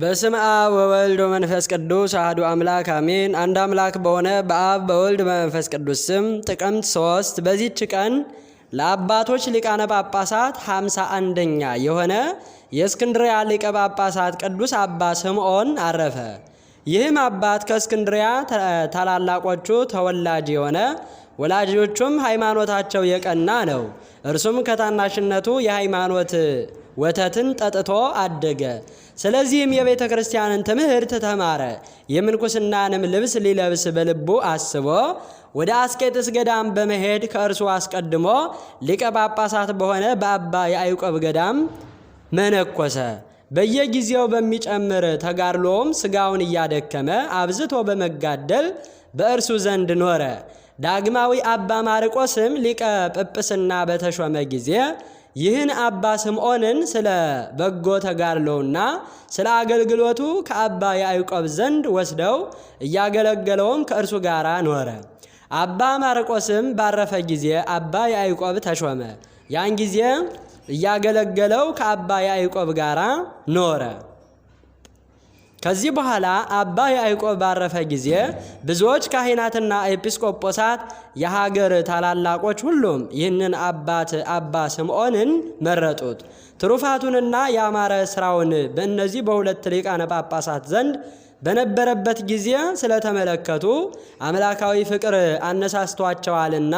በስም አብ ወወልድ ወመንፈስ ቅዱስ አህዱ አምላክ አሜን። አንድ አምላክ በሆነ በአብ በወልድ በመንፈስ ቅዱስ ስም ጥቅምት ሶስት በዚች ቀን ለአባቶች ሊቃነ ጳጳሳት ሃምሳ አንደኛ የሆነ የእስክንድሪያ ሊቀ ጳጳሳት ቅዱስ አባ ስምዖን አረፈ። ይህም አባት ከእስክንድሪያ ታላላቆቹ ተወላጅ የሆነ ወላጆቹም ሃይማኖታቸው የቀና ነው። እርሱም ከታናሽነቱ የሃይማኖት ወተትን ጠጥቶ አደገ። ስለዚህም የቤተ ክርስቲያንን ትምህርት ተማረ። የምንኩስናንም ልብስ ሊለብስ በልቡ አስቦ ወደ አስቄጥስ ገዳም በመሄድ ከእርሱ አስቀድሞ ሊቀ ጳጳሳት በሆነ በአባ የአይቆብ ገዳም መነኮሰ። በየጊዜው በሚጨምር ተጋድሎም ስጋውን እያደከመ አብዝቶ በመጋደል በእርሱ ዘንድ ኖረ። ዳግማዊ አባ ማርቆስም ሊቀ ጵጵስና በተሾመ ጊዜ ይህን አባ ስምዖንን ስለ በጎ ተጋድሎውና ስለ አገልግሎቱ ከአባ ያዕቆብ ዘንድ ወስደው እያገለገለውም ከእርሱ ጋር ኖረ። አባ ማርቆስም ባረፈ ጊዜ አባ ያዕቆብ ተሾመ። ያን ጊዜ እያገለገለው ከአባ ያዕቆብ ጋር ኖረ። ከዚህ በኋላ አባ ያዕቆብ ባረፈ ጊዜ ብዙዎች ካህናትና ኤጲስቆጶሳት የሀገር ታላላቆች ሁሉም ይህንን አባት አባ ስምዖንን መረጡት። ትሩፋቱንና ያማረ ሥራውን በእነዚህ በሁለት ሊቃነ ጳጳሳት ዘንድ በነበረበት ጊዜ ስለተመለከቱ አምላካዊ ፍቅር አነሳስቷቸዋልና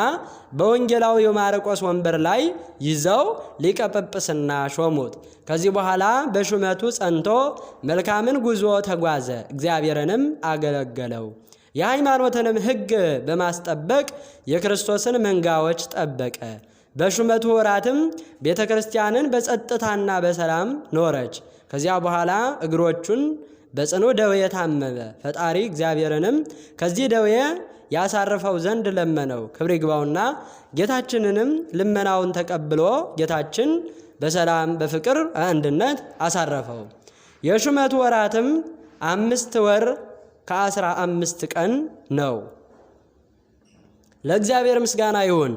በወንጌላዊ ማርቆስ ወንበር ላይ ይዘው ሊቀ ጵጵስና ሾሙት። ከዚህ በኋላ በሹመቱ ጸንቶ መልካምን ጉዞ ተጓዘ፣ እግዚአብሔርንም አገለገለው። የሃይማኖትንም ሕግ በማስጠበቅ የክርስቶስን መንጋዎች ጠበቀ። በሹመቱ ወራትም ቤተ ክርስቲያንን በጸጥታና በሰላም ኖረች። ከዚያ በኋላ እግሮቹን በጽኑ ደዌ ታመመ። ፈጣሪ እግዚአብሔርንም ከዚህ ደዌ ያሳርፈው ዘንድ ለመነው። ክብር ይግባውና ጌታችንንም ልመናውን ተቀብሎ ጌታችን በሰላም በፍቅር አንድነት አሳረፈው። የሹመቱ ወራትም አምስት ወር ከአስራ አምስት ቀን ነው። ለእግዚአብሔር ምስጋና ይሁን።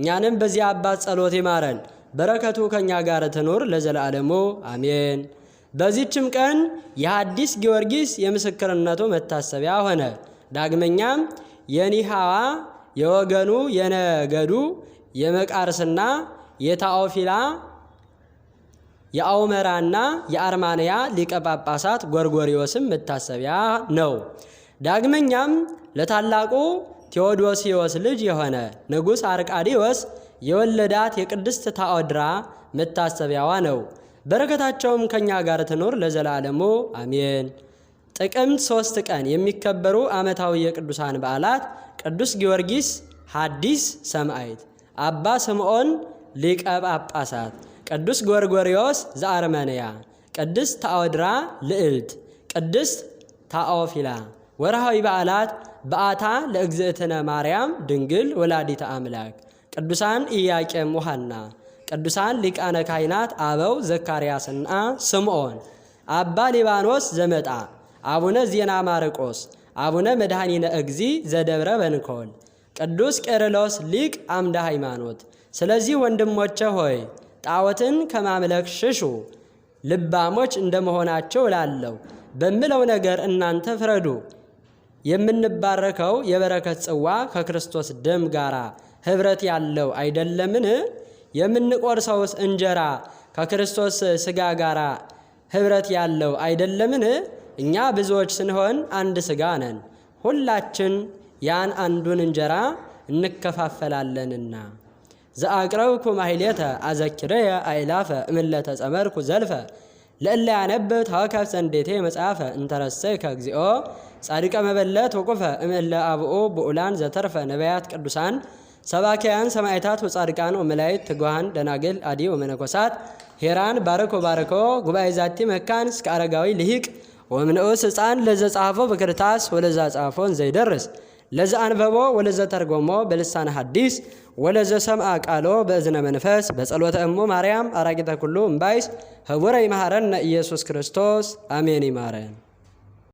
እኛንም በዚህ አባት ጸሎት ይማረን። በረከቱ ከእኛ ጋር ትኑር ለዘላለሙ አሜን። በዚችም ቀን የሐዲስ ጊዮርጊስ የምስክርነቱ መታሰቢያ ሆነ። ዳግመኛም የኒሃዋ የወገኑ የነገዱ የመቃርስና የታኦፊላ የአውመራና የአርማንያ ሊቀ ጳጳሳት ጎርጎሪዎስም መታሰቢያ ነው። ዳግመኛም ለታላቁ ቴዎዶሲዎስ ልጅ የሆነ ንጉሥ አርቃዲዎስ የወለዳት የቅድስት ታኦድራ መታሰቢያዋ ነው። በረከታቸውም ከእኛ ጋር ትኖር ለዘላለሙ አሜን። ጥቅምት ሶስት ቀን የሚከበሩ ዓመታዊ የቅዱሳን በዓላት ቅዱስ ጊዮርጊስ ሐዲስ ሰማዕት፣ አባ ስምዖን ሊቀ ጳጳሳት፣ ቅዱስ ጎርጎሪዮስ ዘአርመንያ፣ ቅድስት ታኦድራ ልዕልት፣ ቅድስት ታኦፊላ። ወርሃዊ በዓላት በዓታ ለእግዝእትነ ማርያም ድንግል ወላዲተ አምላክ፣ ቅዱሳን ኢያቄም ወሐና ቅዱሳን ሊቃነ ካህናት አበው ዘካርያስና ስምዖን፣ አባ ሊባኖስ ዘመጣ፣ አቡነ ዜና ማርቆስ፣ አቡነ መድኃኒነ እግዚ ዘደብረ በንኮል፣ ቅዱስ ቄርሎስ ሊቅ አምደ ሃይማኖት። ስለዚህ ወንድሞቼ ሆይ ጣዖትን ከማምለክ ሽሹ፣ ልባሞች እንደመሆናቸው እላለሁ በምለው ነገር እናንተ ፍረዱ። የምንባረከው የበረከት ጽዋ ከክርስቶስ ደም ጋር ኅብረት ያለው አይደለምን? የምንቆርሰውስ እንጀራ ከክርስቶስ ስጋ ጋር ኅብረት ያለው አይደለምን? እኛ ብዙዎች ስንሆን አንድ ስጋ ነን፣ ሁላችን ያን አንዱን እንጀራ እንከፋፈላለንና። ዘአቅረብኩ ማሕሌተ አዘኪረየ አይላፈ እምለተ ጸመርኩ ዘልፈ ለእለ ያነብብ ታወከብ ዘንዴቴ መጽሐፈ እንተረሰይ እግዚኦ ጻድቀ መበለት ወቁፈ እምለ አብኦ ብኡላን ዘተርፈ ነቢያት ቅዱሳን ሰባኪያን ሰማይታት ወጻድቃን ወመላእክት ትጉሃን ደናግል አዲ ወመነኮሳት ሄራን ባረኮ ባረኮ ጉባኤ ዛቲ መካን እስከ አረጋዊ ልሂቅ ወምንዑስ ሕፃን ለዘ ጻፎ በክርታስ ወለዛ ጻፎን ዘይደርስ ለዘ አንበቦ ወለዘ ተርጎሞ በልሳነ ሐዲስ ወለዘ ሰምአ ቃሎ በእዝነ መንፈስ በጸሎተ እሙ ማርያም አራቂተ ኩሉ እምባይስ ህቡረ ይመሃረነ ኢየሱስ ክርስቶስ አሜን ይማረን።